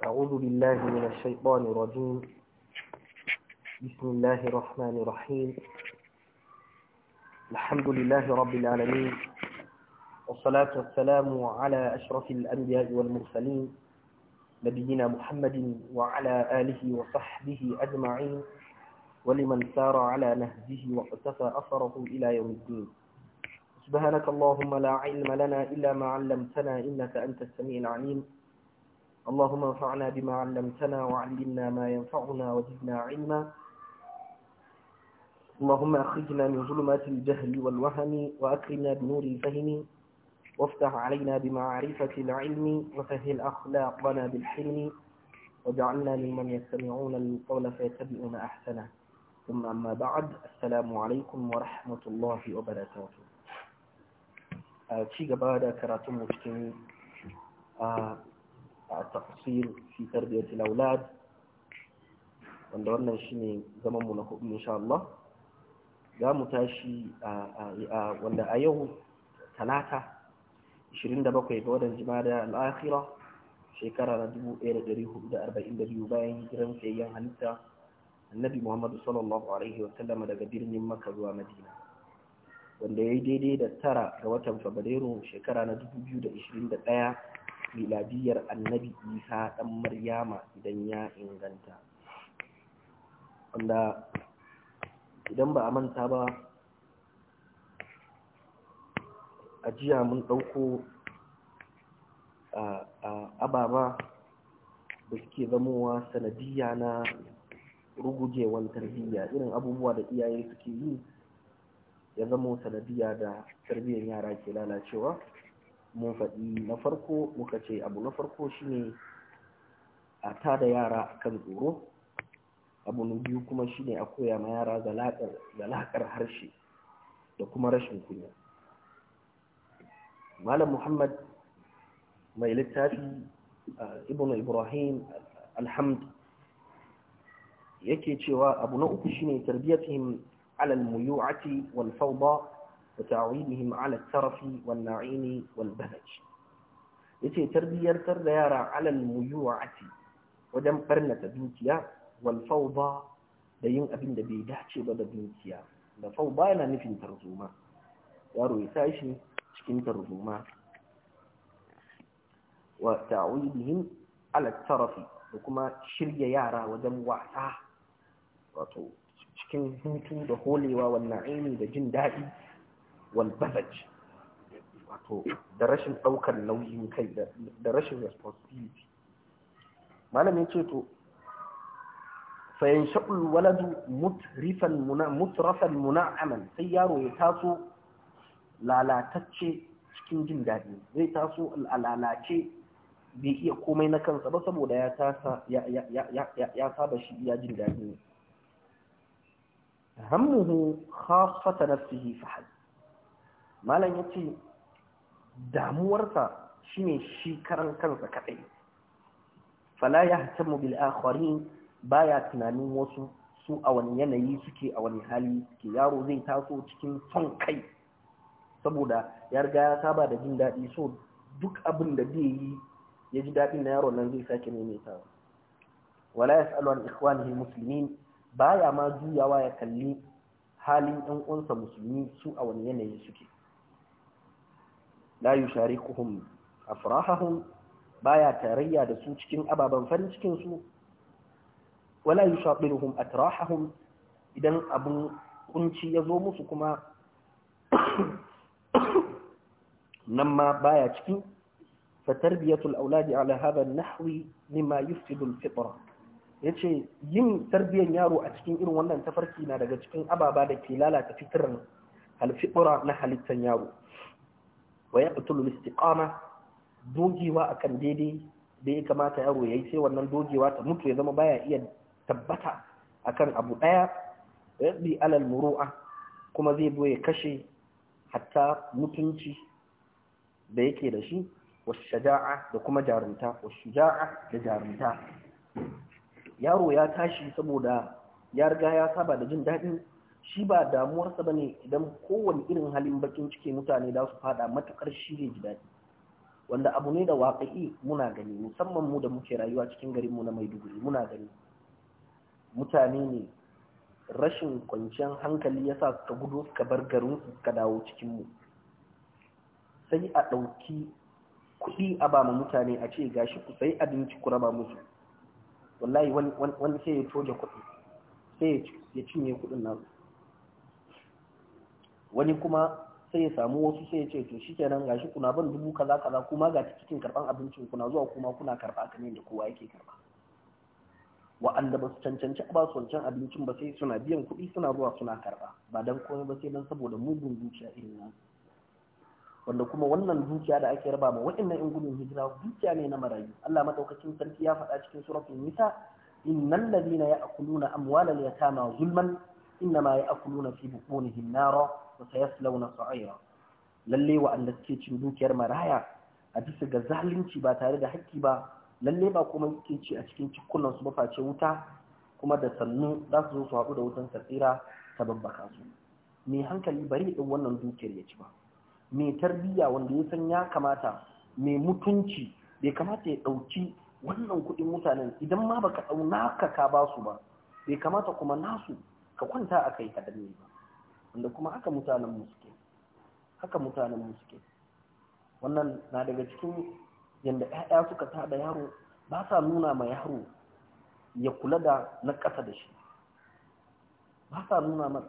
أعوذ بالله من الشيطان الرجيم بسم الله الرحمن الرحيم الحمد لله رب العالمين والصلاة والسلام على أشرف الأنبياء والمرسلين نبينا محمد وعلى آله وصحبه أجمعين ولمن سار على نهجه واقتفى أثره إلى يوم الدين سبحانك اللهم لا علم لنا إلا ما علمتنا إنك أنت السميع العليم اللهم انفعنا بما علمتنا وعلمنا ما ينفعنا وزدنا علما اللهم أخرجنا من ظلمات الجهل والوهم وأكرمنا بنور الفهم وافتح علينا بمعرفة العلم وسهل أخلاقنا بالحلم وجعلنا ممن يستمعون القول فيتبعون أحسنه ثم أما بعد السلام عليكم ورحمة الله وبركاته آه، شيء بعد كراتم karatunmu التفصيل في تربية الأولاد وندورنا شيني زمن منكم إن شاء الله za mu tashi wanda a yau talata 27 ga wadan jimada al'akira shekara na 1442 bayan gidan tsayayyen halitta annabi muhammadu sallallahu alaihi wasallama daga birnin Makka zuwa madina wanda ya yi daidai da tara ga watan fabrairu shekara na 2021 miladiyar annabi isa ɗan maryama idan ya inganta wanda idan ba a manta ba ajiya jiya mun ɗauko ababa da suke zamowa sanadiyya na rugujewan tarbiyya irin abubuwa da iyaye suke yi ya zamo sanadiyya da tarbiyyar yara ke lalacewa mun faɗi na farko muka ce abu na farko shine a tada yara akan tsoro abu na biyu kuma shine a koya ma yara zalakar harshe da kuma rashin kunya malam muhammad mai littafi eh, ibn ibrahim alhamd yake cewa abu na uku shine tarbiyatihim alal muyu'ati wal fawda وتعويدهم على الترف والنعيم والبهج yace tarbiyartar da yara alal muyu'ati wajen ɓarnata dukiya wal fawda da yin abin da bai dace ba da dukiya da fawda yana nufin tarzoma yaro ya tashi cikin tarzoma wa ta'widihim ala tarafi da kuma shirya yara wajen wasa wato cikin hutu da holewa wannan aini da jin daɗi والبذج wato da rashin ɗaukar nauyin kai da rashin responsibility malamin ce to fayan sha'ul waladu mutrifan mutrafan muna'aman sai yaro ya taso lalatacce cikin jin daɗi zai taso lalace bai iya komai na kansa ba saboda ya tasa ya saba shi iya jin daɗi hammuhu khafata nafsihi fahad malam ya ce damuwarsa shi ne shi karan kansa kaɗai fala ya hatamu bil ba ya tunanin wasu su a wani yanayi suke a wani hali ke yaro zai taso cikin son kai saboda ya riga ya saba da jin daɗi so duk abin da zai yi ya ji daɗin na yaron nan zai sake maimaita wala ya sa'alu an Musulmi ba ya ma juyawa ya kalli halin ɗan uwansa musulmi su a wani yanayi suke la yusharikuhum afrahahum baya tarayya da su cikin ababen farin cikin su wala yushabiruhum atrahahum idan abun kunci ya zo musu kuma nan ma baya cikin fatarbiyatul auladi ala hadha nahwi mimma yufsidu al-fitra yace yin tarbiyyar yaro a cikin irin wannan tafarki na daga cikin ababa da ke lalata fitran al-fitra na halittar yaro wa yaqtulu al-istiqama dogewa akan daidai da ya kamata yaro yayi sai wannan dogewa ta mutu ya zama baya iya tabbata akan abu daya yaddi alal muru'a kuma zai boye kashe hatta mutunci da yake da shi wa shaja'a da kuma jarumta shaja'a da jarumta yaro ya tashi saboda ya riga ya saba da jin daɗin shi ba damuwarsa ba ne idan kowane irin halin bakin ciki mutane da su fada matakar shi ne ji daɗi wanda abu ne da waƙa'i muna gani musamman mu da muke rayuwa cikin garin mu na Maiduguri muna gani mutane ne rashin kwanciyar hankali yasa suka gudu suka bar garin su suka dawo cikin mu sai a ɗauki kuɗi a ba mutane a ce gashi ku sai abinci ku raba musu wallahi wani sai ya toje kuɗi sai ya cinye kuɗin nasu wani kuma sai ya samu wasu sai ya ce to shikenan gashi kuna ban dubu kaza kaza kuma ga cikin karban abincin kuna zuwa kuma kuna karba kamar yadda kowa yake karba wa'anda ba su cancanci ba su wancan abincin ba sai suna biyan kuɗi suna zuwa suna karba ba dan komai ba sai dan saboda mugun zuciya irin nan wanda kuma wannan zuciya da ake raba ma wa'annan in gudun hijira zuciya ne na marayu Allah madaukakin sarki ya faɗa cikin suratul nisa innal ladina ya'kuluna amwalal yatama zulman innama ya'kuluna fi buqunihim nara وسيصلون سعيرا lalle wa'anda suke cin dukiyar maraya a bisa ga zalunci ba tare da haƙƙi ba lalle ba kuma ke ci a cikin cikunan su ba face wuta kuma da sannu za su zo su haɗu da wutan tsira ta babbaka su Me hankali bari ɗin wannan dukiyar ya ci ba Me tarbiyya wanda ya san ya kamata me mutunci bai kamata ya ɗauki wannan kuɗin mutanen idan ma baka ɗau naka ka ba su ba bai kamata kuma nasu ka kwanta a kai ka danne ba wanda kuma haka mutanen mu suke haka mutanen mu suke wannan na daga cikin yanda ƴaƴa suka tada yaro ba sa nuna ma yaro ya kula da na ƙasa da shi ba sa nuna ma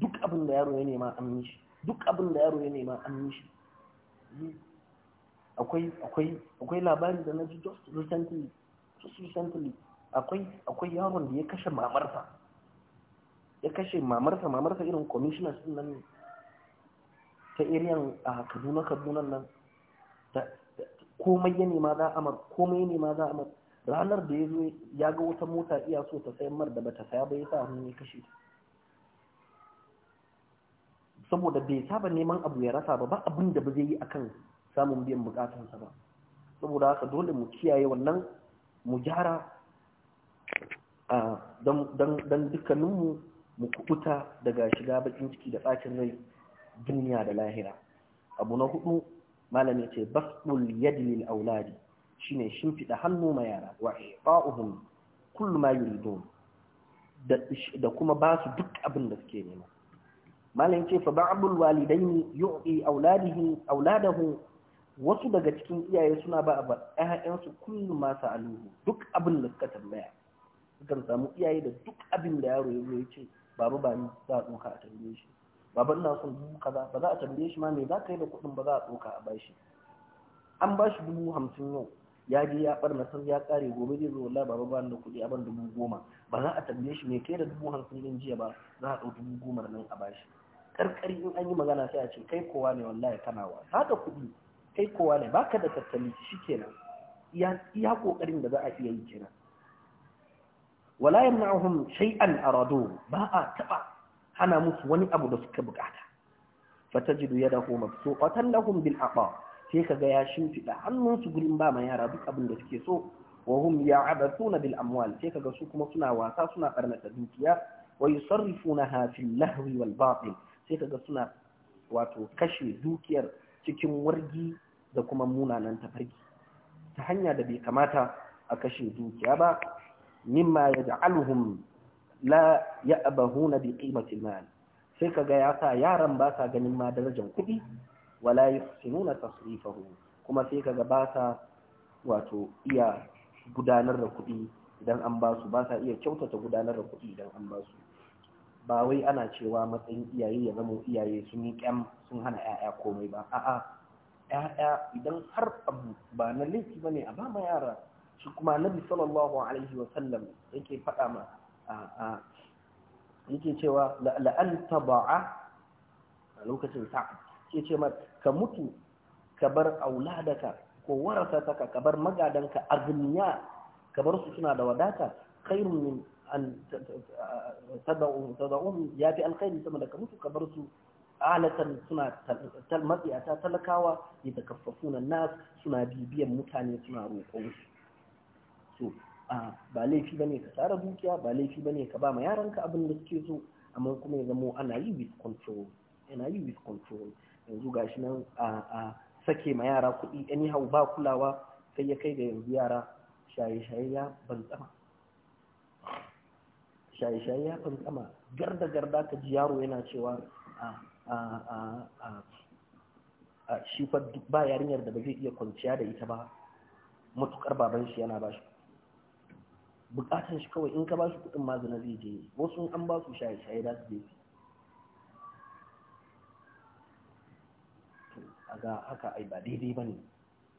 duk abin da yaro ya nema an yi shi duk abin da yaro ya nema an yi shi akwai akwai akwai labari da na ji just recently just recently akwai akwai yaron da ya kashe mamarsa ya kashe mamarsa mamarsa irin commissioners din nan ta iriyan a kaduna kaduna nan komai yane nema za amar komai za mar ranar da ya zo ya ga wata mota iya so ta sayan mar da bata saya ba ya sa hannu ya kashe saboda bai saba neman abu ya rasa ba ba abin da ba zai yi akan samun biyan bukatansa ba saboda haka dole mu kiyaye wannan mu gyara don dukkaninmu mu kubuta daga shiga bakin ciki da tsakin rai duniya da lahira abu na hudu malami ce basbul yadi lil auladi shine shimfida hannu ma yara wa i'ta'uhum kullu ma yuridun da kuma ba su duk abin da suke nema malam ce fa ba'dul walidaini yu'i auladihi auladahu wasu daga cikin iyaye suna ba a ‘ya'yansu kullu masu aluhu duk abin da suka tambaya sukan samu iyaye da duk abin da yaro ya zo ya ce baba ba ni za a ɗauka a tambaye shi babu ina son dubu kaza ba za a tambaye shi ma me za ka yi da kuɗin ba za a ɗauka a bashi an bashi dubu hamsin yau ya je ya bar nasar ya kare gobe zai zo wallahi babu ba da kuɗi a ban dubu goma ba za a tambaye shi me kai da dubu hamsin ɗin jiya ba za a ɗau dubu goma nan a bashi karkari in an yi magana sai a ce kai kowa ne wallahi kana wa haka kuɗi kai kowa ne baka da tattali shikenan iya iya kokarin da za a iya yi kenan wala yamna'uhum shay'an aradu ba a taba hana musu wani abu da suka bukata fatajidu yadahu mabsuqatan lahum bil aqa sai kaga ya shimfida su gurin ba ma yara duk abin da suke so wa hum ya'abathuna bil amwal sai kaga su kuma suna wasa suna barnata dukiya wa yusarrifunaha fil lahwi wal batil sai kaga suna wato kashe dukiyar cikin wargi da kuma munanan tafarki ta hanya da bai kamata a kashe dukiya ba mimma yaj'aluhum la ya'bahuna bi qimati al-mal sai kaga ya sa yaran ba sa ganin ma darajar kuɗi wala yuhsinuna tasrifahu kuma sai kaga ba sa wato iya gudanar da kuɗi idan an ba su ba sa iya kyautata gudanar da kuɗi idan an ba su ba wai ana cewa matsayin iyaye ya zama iyaye sun yi kyam sun hana 'ya'ya komai ba a'a 'ya'ya idan har abu ba na laifi bane a ba ma yara shi kuma nabi sallallahu alaihi wa sallam yake faɗa ma yake cewa la'an taba'a a lokacin sa'ad ke ce ma ka mutu ka bar auladaka ko warasataka ka bar magadanka azmiya ka bar su suna da wadata khairun min an tada'un ya fi alkhairi sama da ka mutu ka bar su alatan suna ta talakawa ya takaffafuna nas suna bibiyan mutane suna roƙon su so ba laifi bane ka tsara dukiya ba laifi bane ka ba ma yaranka abin da suke so amma kuma ya zamo ana yi with control ana yi with control yanzu gashi nan a sake ma yara kuɗi hau ba kulawa sai ya kai ga yanzu yara shaye-shaye ya bantsama shaye-shaye ya bantsama garda-garda ka ji yaro yana cewa a shi fa ba yarinyar da ba zai iya kwanciya da ita ba matukar baban shi yana ba shi bukatar shi kawai in ka ba su kudin ma zai je wasu an ba su shaye shaye za su je su a ga haka ai ba daidai ba ne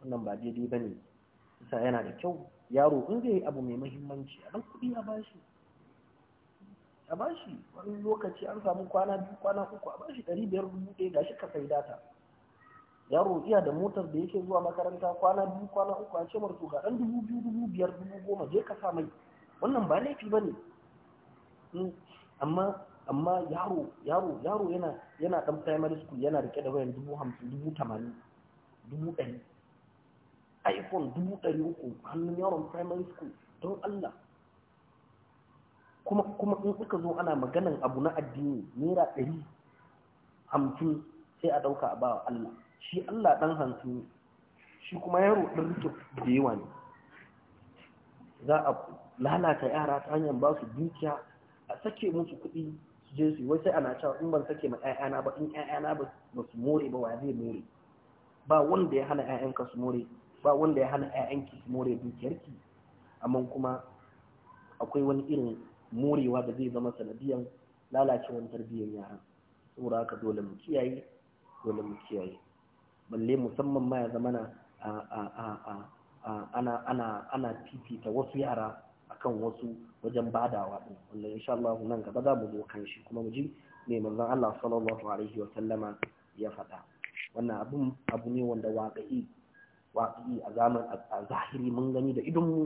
wannan ba daidai ba ne isa yana da kyau yaro in zai yi abu mai mahimmanci a ɗan kuɗi a ba shi a ba shi wani lokaci an samu kwana biyu kwana uku a ba shi ɗari biyar rubu ɗaya gashi ka sai data yaro iya da motar da yake zuwa makaranta kwana biyu kwana uku a ce marto ga ɗan dubu biyu dubu biyar dubu goma je ka sa mai wannan ba laifi ba ne hmm, amma amma yaro yaro yaro yana yana ɗan primary school yana rike da wayan dubu hamsin dubu tamanin dubu ɗari iphone dubu ɗari uku hannun yaron primary school don allah kuma kuma in suka zo ana maganan abu na addini naira ɗari hamsin sai a ɗauka a bawa allah shi Allah ɗan hantu shi kuma yaro ɗin rike da yawa ne za a lalata yara ta hanyar ba su dukiya a sake musu kuɗi su je su yi wasu ana cewa in ban sake ma ƴaƴana ba in ƴaƴana ba su more ba wa zai more ba wanda ya hana ƴaƴanka su more ba wanda ya hana ƴaƴanki su more dukiyarki amma kuma akwai wani irin morewa da zai zama sanadiyan lalacewar tarbiyyar yara saboda haka dole mu kiyaye dole mu kiyaye balle musamman ma ya zamana ana ana ana wasu yara akan wasu wajen badawa din wanda insha Allah nan gaba za mu zo kan shi kuma mu ji me manzon Allah sallallahu alaihi wa sallama ya faɗa wannan abun abu ne wanda waƙi waƙi a zaman a zahiri mun gani da idon mu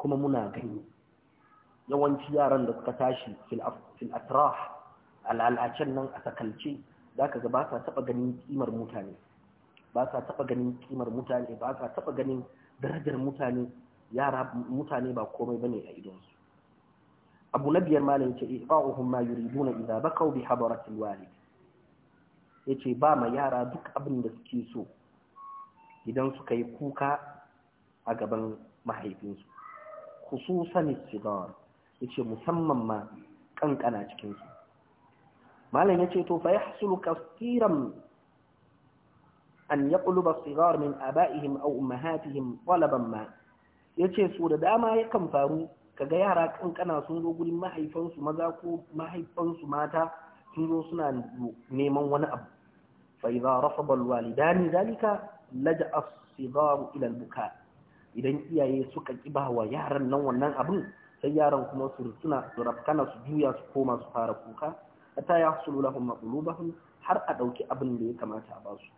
kuma muna gani yawanci yaran da suka tashi fil atraf al'alacen nan a sakalce zaka ga ba sa taɓa ganin kimar mutane ba sa taɓa ganin kimar mutane ba sa taɓa ganin darajar mutane yara mutane ba komai bane a su abu na biyar malam yace ifa'uhum ma yuriduna idza bakaw bi hadaratil walid yace ba ma yara duk abin da suke so idan suka yi kuka a gaban mahaifinsu khususan ya yace musamman ma kankana cikinsu. su malam yace to fa yahsulu kastiran an yaqluba as min aba'ihim aw ummahatihim talaban ma yace su da dama yakan faru kaga yara kankana sun zo gurin mahaifansu maza ko mahaifansu mata sun zo suna neman wani abu fa idza rafada al zalika laja as-sighar ila al idan iyaye suka kiba wa yaran nan wannan abin sai yaran kuma su suna su rafkana su juya su koma su fara kuka hatta yahsulu lahum maqlubahum har a dauki abin da ya kamata a basu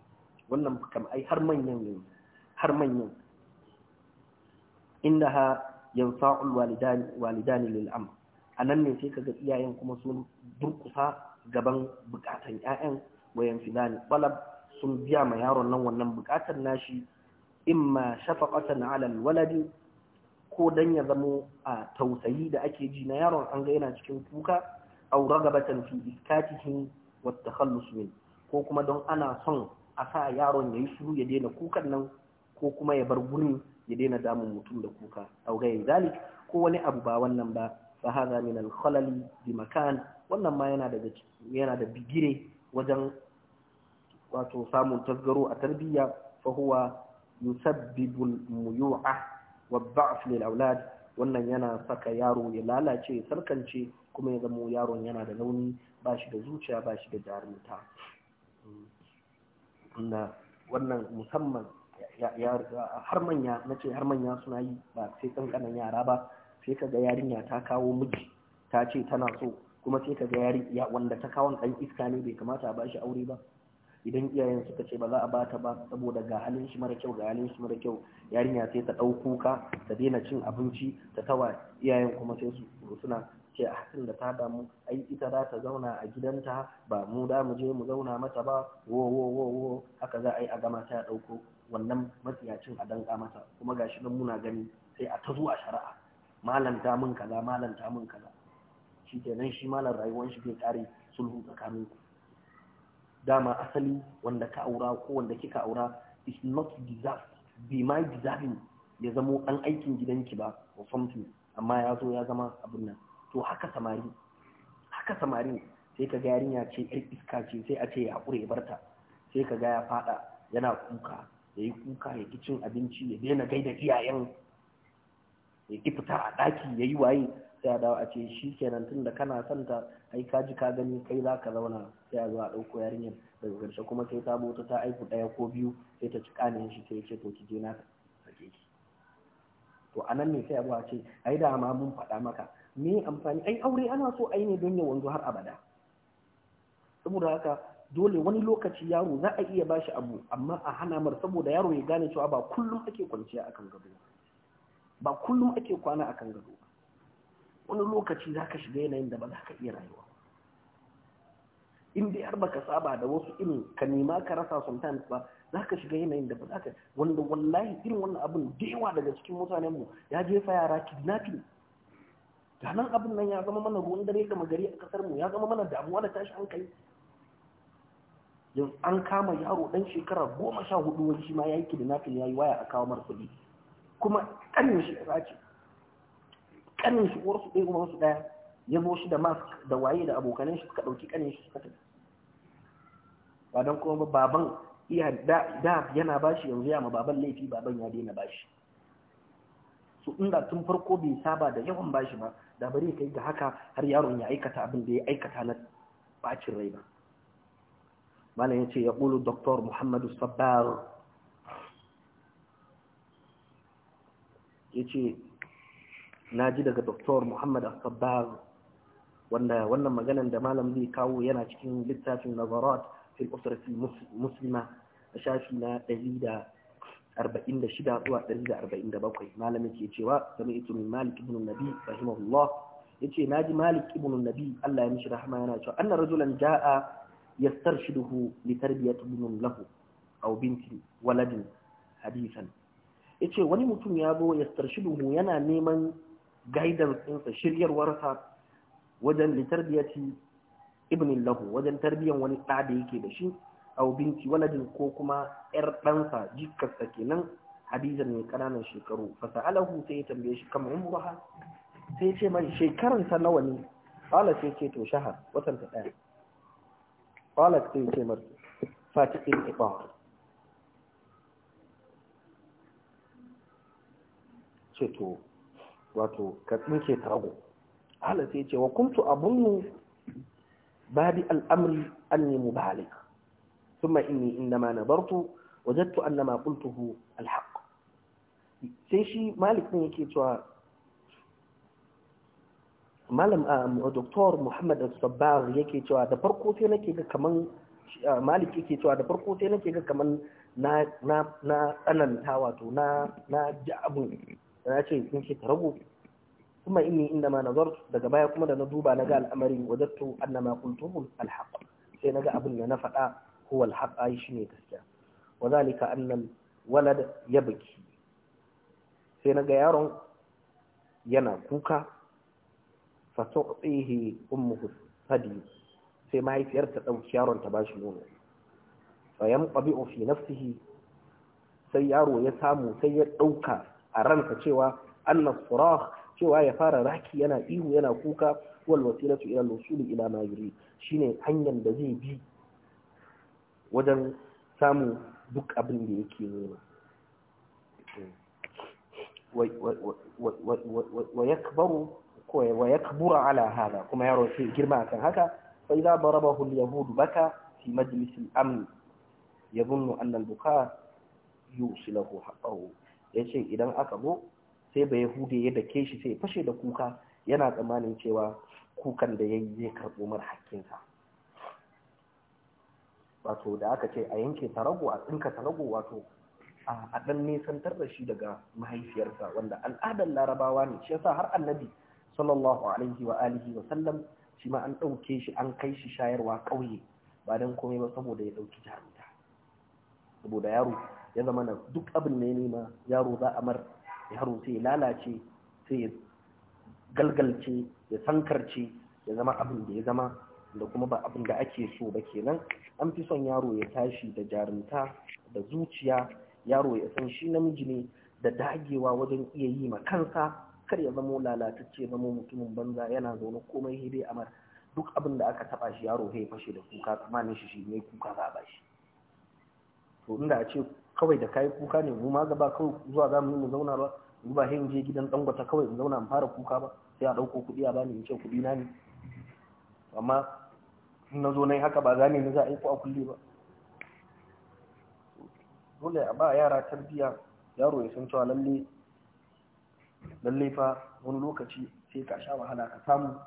wannan kam ai har manyan yanzu har manyan innaha yansa'ul walidani walidani lil am anan ne sai kaga iyayen kuma sun durkusa gaban bukatan ƴaƴan wayan fidani balab sun biya ma yaron nan wannan bukatar nashi imma shafaqatan ala al waladi ko dan ya zamo a tausayi da ake ji na yaron an ga yana cikin kuka aw ragabatan fi iskatihi wat min ko kuma don ana son a sa yaron ya yi shiru ya daina kukan nan ko kuma ya bar gurin ya daina damun mutum da kuka au gairi zalik ko wani abu ba wannan ba fa hadha min al khalali bi makan wannan ma yana da bigire wajen wato samun tasgaro a tarbiyya fa huwa yusabbibu al muyu'a wa da'f lil aulad wannan yana saka yaro ya lalace ya sarkance kuma ya zamo yaron yana da launi ba shi da zuciya ba shi da jarumta na wannan musamman har manya na ce har manya suna yi ba sai kankanan yara ba sai kaga yarinya ta kawo miji ta ce tana so kuma sai kaga yari wanda ta kawo ɗan iska ne bai kamata a bashi aure ba idan iyayen suka ce ba za a bata ba saboda ga halin shi mara kyau ga halin shi mara kyau yarinya sai ta ɗau kuka ta daina cin abinci ta tawa iyayen kuma sai su suna ce a hakan da ta damu ai ita za ta zauna a gidanta ba mu da mu je mu zauna mata ba wo wo wo wo haka za a yi a gama ta ɗauko wannan matsiyacin a danka mata kuma gashi nan muna gani sai a ta a shari'a malanta mun kaza malanta mun kaza shi kenan shi malar rayuwar shi zai kare sulhu tsakanin ku dama asali wanda ka aura ko wanda kika aura is not deserved be my deserving ya zamo an aikin gidanki ba or something amma ya zo ya zama abin nan to haka samari haka samari sai ka ga yarinya ce ai iska ce sai a ce ya ya barta sai ka ga ya faɗa yana kuka ya yi kuka ya cin abinci ya daina gaida iyayen ya ki fita a ɗaki ya yi waye sai a dawo a ce shi kenan tun da kana son ta ai ka ji ka gani kai za ka zauna sai a zo a ɗauko yarinya. daga ƙarshe kuma sai ta bota ta aiku ɗaya ko biyu sai ta ci ƙanin shi sai ce to ki je na sake ki to anan ne sai a zo a ce ai da ma mun faɗa maka me amfani ai aure ana so ai ne don ya wanzu har abada saboda haka dole wani lokaci yaro za a iya bashi abu amma a hana mar saboda yaro ya gane cewa ba kullum ake kwanciya akan gado ba kullum ake kwana akan gado wani lokaci za ka shiga yanayin da ba za ka iya rayuwa in dai har baka saba da wasu irin ka nema ka rasa sometimes ba za ka shiga yanayin da ba za ka wanda wallahi irin wannan abin da yawa daga cikin mutanenmu ya jefa yara kidnapping nan abin nan ya zama mana ruwan dare da gari a kasar mu ya zama mana damuwa da tashi hankali yanzu an kama yaro dan shekara goma sha hudu wani shi ma ya yi kidnapping ya yi waya a kawo mara kuɗi kuma ƙanin shi ya ce ƙanin shi uwarsu ɗaya kuma wasu ɗaya ya zo shi da mask da waye da abokanan shi suka ɗauki ƙanin shi suka tafi ba don kuma baban iya da yana bashi yanzu ya ma baban laifi baban ya daina bashi su inda tun farko bai saba da yawan bashi ba da bari kai ga haka har yaron ya aikata abin da ya aikata na bacin rai ba malam ce ya qulu dr muhammadu sabbar ce na ji daga dr Muhammadu sabbar wanda wannan maganan da malam zai kawo yana cikin littafin nazarat fil usrati muslima a shafi na ɗari da 146 zuwa 147 malamin ke cewa sami ito min malik ibn nabi rahimahullah yace naji malik ibn nabi Allah ya mishi rahama yana cewa anna rajulan jaa yastarshiduhu li tarbiyati ibn lahu aw binti waladin hadisan yace wani mutum ya zo yastarshiduhu yana neman gaidar ɗinsa shiryarwarsa wajen li tarbiyati ibn lahu wajen tarbiyan wani tsada da yake da shi aw binti waladin ko kuma yar ɗansa jikarsa kenan hadiza mai ƙananan shekaru fa sa'alahu sai ya tambaye shi kam umruha sai ce mai shekaran ta nawa ne Fala sai ce to shahar watan ta daya Fala sai ce mar fatiqin ibar ce to wato ka tsinke tago Fala sai ce wa kuntu abunnu babi al'amri anni mubalik ثم إني إنما نظرت وجدت أن ما قلته الحق سيشي مالك نيكي توا malam doktor muhammad cewa malik yake cewa da kaman na na na wato na na ji abun na ce in ce rago kuma inni inda ma nazar daga baya kuma da na duba na ga al'amarin wajattu annama qultuhu al-haq sai naga abin da na faɗa huwa alhaq ai shine gaskiya wazalika annan annal ya biki sai naga yaron yana kuka fa tu'tihi ummuhu sadi sai mahaifiyar dauki yaron ta bashi nono fa yanqabi fi nafsihi sai yaro ya samu sai ya dauka a ransa cewa annas surah cewa ya fara raki yana ihu yana kuka wal wasilatu ila al-wusul ila ma yuri shine hanyar da zai bi wajen samun duk abin da yake nema wa kabaru ko wa kabura ala hada kuma yaro sai girma kan haka fa idza raba al yahudu baka fi ya al-amn yadhunnu yi al-buka haɓaru Ya ce idan aka zo sai ba yahudu ya dake shi sai fashe da kuka yana tsammanin cewa kukan da ya yi zai karɓo mara hakkinsa wato da aka ce a yanke tarago a tsinka tarago wato a ɗan nesantar da shi daga mahaifiyarsa wanda al'adar larabawa ne shi yasa har annabi sallallahu alaihi wa alihi wa sallam shi ma an ɗauke shi an kai shi shayarwa ƙauye ba dan komai ba saboda ya ɗauki jarumta saboda yaro ya zama na duk abin ne nema yaro za a mar yaro sai lalace sai galgalce ya sankarce ya zama abin da ya zama da kuma ba abin da ake so ba kenan an fi son yaro ya tashi da jarumta da zuciya yaro ya san shi namiji ne da dagewa wajen iya yi ma kansa kar ya zamo lalatacce zamo mutumin banza yana zaune komai dai amar duk abin da aka taba shi yaro ya fashe da kuka ne shi shi ne kuka za a bashi to inda a ce kawai da kayi kuka ne mu ma gaba kawai zuwa za mu yi zauna ba mu ba hin je gidan dangwata kawai in zauna mu fara kuka ba sai a dauko kuɗi a bani in ce kuɗi na ne amma na zo na yi haka ba zane na za a yi ko kulle ba dole a ba yara tarbiya yaro ya san cewa lalle lalle fa wani lokaci sai ka sha wahala ka samu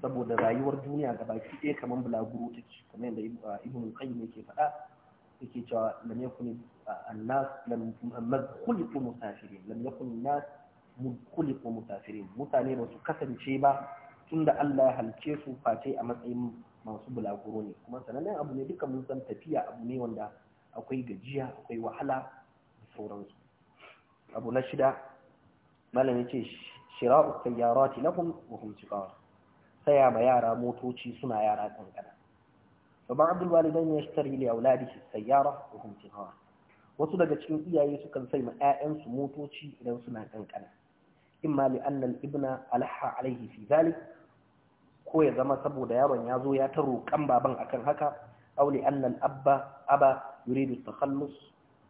saboda rayuwar duniya ga baki ɗaya kamar bulaguro take kamar yadda ibn ne ke faɗa yake cewa lam yakun annas lam ne musafirin lam yakun nas mudkhuliqu musafirin mutane ba su kasance ba tunda Allah ya halce su face a matsayin masu bulaguro ne kuma sanannen abu ne duka mun san tafiya abu ne wanda akwai gajiya akwai wahala da sauransu abu na shida malam ya ce shira'u sayyarati lahum wa hum shiqar saya ma yara motoci suna yara kankana baban abdul walidain ya shtari li auladihi sayyara wa hum shiqar wasu daga cikin iyaye sukan sai ma 'ya'yansu motoci idan suna kankana imma li anna al ibna alaha alayhi fi zalik ko ya zama saboda yaron ya zo ya ta roƙan baban akan haka auli annal abba aba yuridu takhallus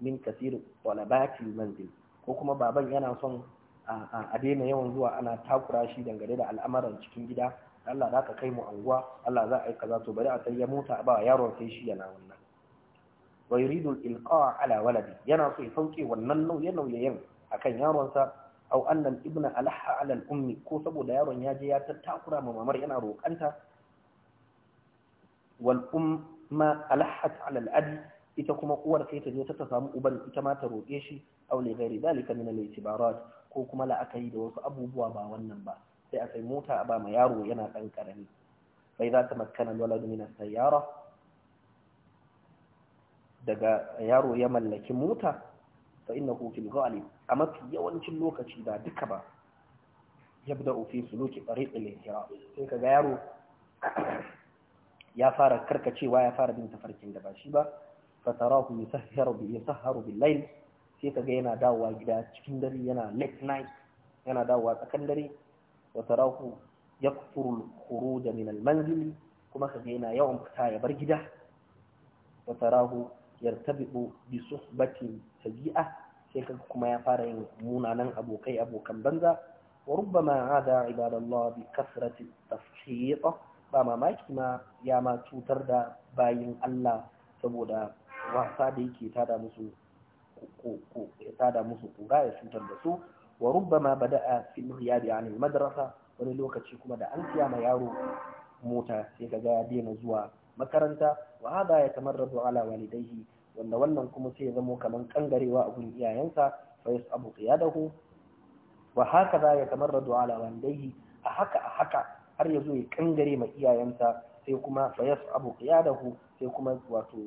min kathir talabati manzil ko kuma baban yana son a daina yawan zuwa ana takura shi dangane da al'amuran cikin gida Allah za ka kai mu anguwa Allah za a yi kaza to bari a sai ya mota ba yaron sai shi yana wannan wa yuridu al-ilqa ala waladi yana so ya sauke wannan nauye nauyayen akan yaron sa au annal ibna alaha ala al-ummi ko saboda yaron ya je ya tattakura ma mamar yana roƙanta wal umma alahat ala al ita kuma uwar sai ta je ta samu uban ita ma ta roƙe shi au li ghairi dalika min al-itibarat ko kuma yi da wasu abubuwa ba wannan ba sai a sai mota a ba ma yaro yana ɗan ƙarami fa za ta makana walad min as-sayyara daga yaro ya mallaki mota fa innahu fil ghalib a mafi yawancin lokaci ba duka ba ya bi da ofe su loki tsare kira. sai ka ga yaro ya fara karkacewa ya fara bin tafarkin da ba shi ba fatarahu ku yi saharu bi layl sai ka ga yana dawowa gida cikin dare yana late night yana dawowa tsakan dare wa ku ya al-khuruj min al manzili kuma ka ga yana yawan fita ya bar gida wa tarahu yartabi'u bi suhbatin sayi'a sai kaga kuma ya fara yin munanan abokai abokan banza wa rubbama ada ibadallah bi kasrati tafhiyat ba mamaki ma ya ma cutar da bayin Allah saboda wasa da yake tada musu ko ya tada musu kura ya cutar da su wa rubbama bada'a fi riyadi an madrasa wani lokaci kuma da an siya ma yaro mota sai kaga ya daina zuwa makaranta wa hada ya tamarradu ala walidaihi wanda wannan kuma sai ya zamo kamar kangarewa a gun iyayensa fa ya qiyadahu wa haka za ya tamarradu ala wandaihi a haka a haka har ya zo ya kangare ma iyayensa sai kuma fa ya qiyadahu sai kuma wato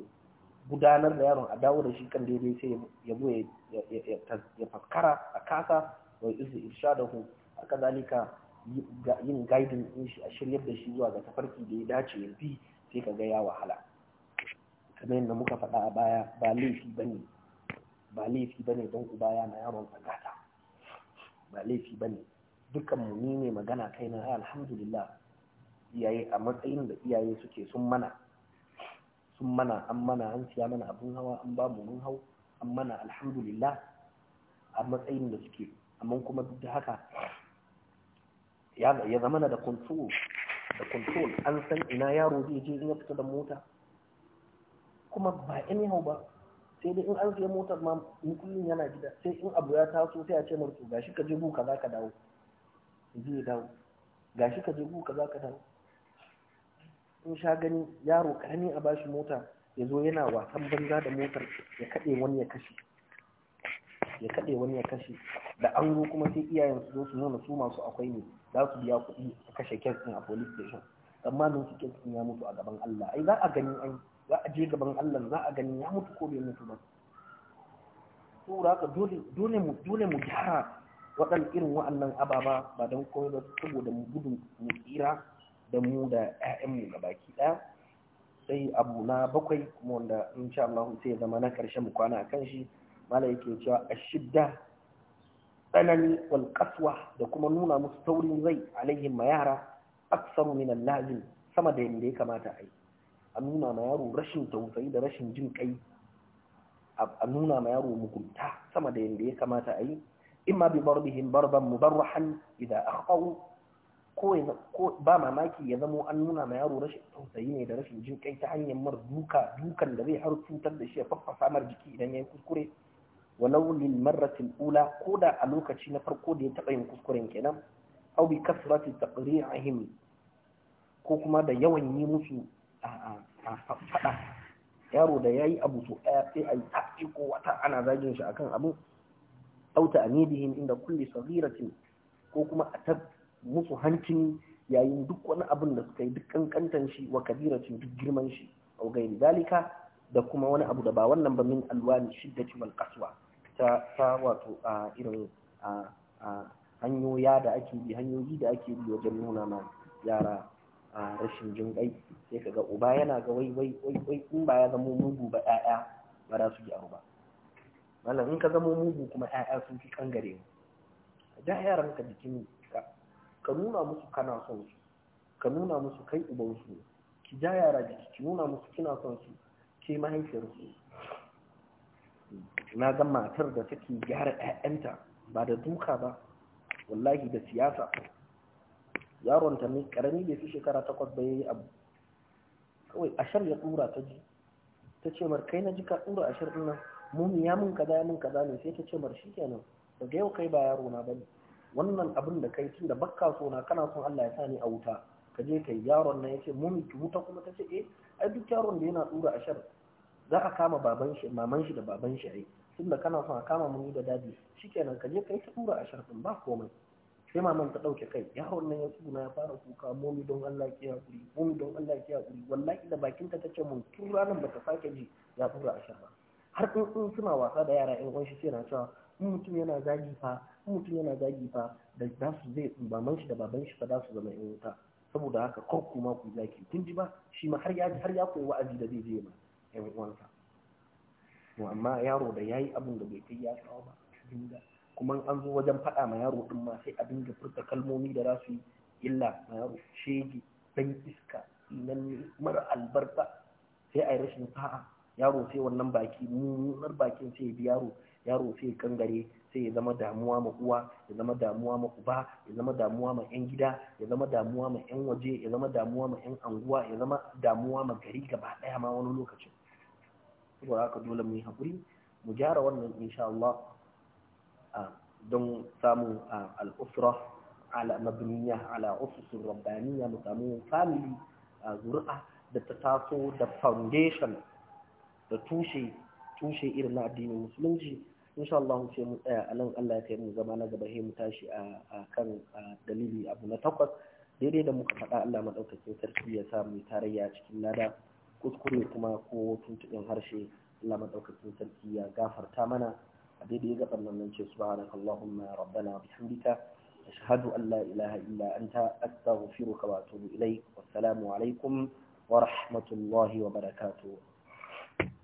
gudanar da yaron a dawo da shi kan daidai sai ya zo ya faskara a kasa wa izu irshadahu haka zalika yin gaidin in shi a shirya da shi zuwa ga tafarki da ya dace ya bi sai ka ga ya wahala kamar yadda muka faɗa a baya ba laifi ba ne ba laifi ba ne don uba ya na yaron tsakata ba laifi ba ne dukkan mu ni ne magana kai na alhamdulillah iyaye a matsayin da iyaye suke sun mana sun mana an mana an siya mana abun hawa an ba mu mun hau an mana alhamdulillah a matsayin da suke amma kuma duk da haka ya zama da control da control an san ina yaro zai je in ya fita da mota kuma ba anyhow ba sai dai in an siya motar ma in kullum yana gida sai in abu ya taso sai a ce mar to gashi ka je guka za ka dawo zai dawo gashi ka je guka za ka dawo in sha gani yaro karami a bashi mota ya zo yana wasan banza da motar ya kaɗe wani ya kashe ya kaɗe wani ya kashe da an zo kuma sai iyayen su zo su nuna su masu akwai ne za su biya kuɗi a kashe kes ɗin a police station tsammanin su kes ɗin ya mutu a gaban Allah ai za a gani an za a je gaban Allah za a gani ya mutu ko bai mutu ba saboda ka dole mu dole mu gyara waɗannan irin wa'annan ababa ba don komai ba saboda mu gudu mu tsira da mu da ƴaƴanmu baki ɗaya sai abu na bakwai kuma wanda insha Allah sai ya zama na karshe mu kwana akan shi mala yake cewa ashidda tsanani wal qaswa da kuma nuna musu taurin zai alaihim ma yara aksaru min al-lazim sama da yanda ya kamata a yi a nuna ma yaro rashin tausayi da rashin jin kai a nuna ma yaro mugunta sama da yadda ya kamata a yi imma bi barbihim barban mubarrahan idan akhau ko ba mamaki ya zamo an nuna ma yaro rashin tausayi ne da rashin jin kai ta hanyar mar duka dukan da zai har cutar da shi ya faffasa mar jiki idan yi kuskure walau lil marratil ula da a lokaci na farko da ya taba yin kuskuren kenan aw bi kasrati taqri'ihim ko kuma da yawan yi musu A'a, faɗa yaro da yayi abu so ɗaya sai a yi tafi ko wata ana zagin shi akan abu auta amidihim inda kulli saghiratin ko kuma a tab musu hancin yayin duk wani abin da suka yi duk kankantan shi wa kabiratin duk girman shi au gairi dalika da kuma wani abu da ba wannan ba min alwani shiddati wal qaswa ta ta wato a irin a hanyoya da ake bi hanyoyi da ake bi wajen nuna ma yara a rashin jin kai sai ka ga uba yana ga wai wai wai wai in ba ya zama mugu ba ƴaƴa ba za su gyaru ba malam in ka zama mugu kuma ƴaƴa sun fi kangare mu ja yaran ka jikin ka ka nuna musu kana son su ka nuna musu kai uban su ki ja yara jiki ki nuna musu kina son su ke mahaifiyar su na ga matar da take gyara ƴaƴanta ba da duka ba wallahi da siyasa yaron ta mai karami bai fi shekara takwas ba yi abu kawai ashar ya tsura ta ji ta ce mar kai na ji ka tsura ashar ina nan ya mun kaza ya mun kaza ne sai ta ce mar shi shikenan daga yau kai ba yaro na bane wannan abin da kai tun da bakka so na kana son Allah ya sa ni a wuta ka je kai yaron nan yace mumi ki wuta kuma ta ce eh ai duk yaron da yana tsura ashar za a kama baban shi maman shi da baban shi ai tunda kana son a kama muni da dadi shikenan ka je kai tsura ashar din ba komai sai maman ta ɗauke kai yaron nan ya tsuna ya fara kuka momi don Allah ki haƙuri momi don Allah ki hakuri wallahi da bakin ta tace mun tun ranar bata sake ji ya tura a sha har in in suna wasa da yara in uwan shi na cewa in mutum yana zagi fa in mutum yana zagi fa da za su zai maman shi da baban shi fa za su zama 'yan wuta saboda haka ko kuma ku zaki kun ji ba shi ma har ya har ya koyi wa'azi da zai je ma yan uwansa amma yaro da yayi abin da bai kai ya kawo ba dinga kuma an zo wajen faɗa ma yaro ɗin ma sai a dinga furta kalmomi da za su yi illa ma yaro shege ɗan iska nan mara albarka sai a yi rashin fa'a. yaro sai wannan baki mummunar bakin sai bi yaro yaro sai kangare sai ya zama damuwa ma uwa ya zama damuwa ma uba ya zama damuwa ma yan gida ya zama damuwa ma yan waje ya zama damuwa ma yan anguwa ya zama damuwa ma gari gaba ɗaya ma wani lokaci. saboda haka dole mu yi hakuri mu gyara wannan insha Allah don samun al'usra ala mabiniya ala ofisun rabbaniya mu samu family zuri'a da ta taso da foundation da tushe irin na addinin musulunci insha Allah ce mu tsaya a Allah ya kai mu zama na gaba mu tashi a kan dalili abu na takwas daidai da muka faɗa Allah maɗaukacin sarki ya sa mu tarayya cikin lada kuskure kuma ko tuntuɓin harshe Allah maɗaukacin sarki ya gafarta mana a daidai gaban nan nan ce subhanak allahumma rabbana wa bihamdika ashhadu an la ilaha illa anta astaghfiruka wa atubu ilaik wassalamu alaikum wa rahmatullahi wa barakatuh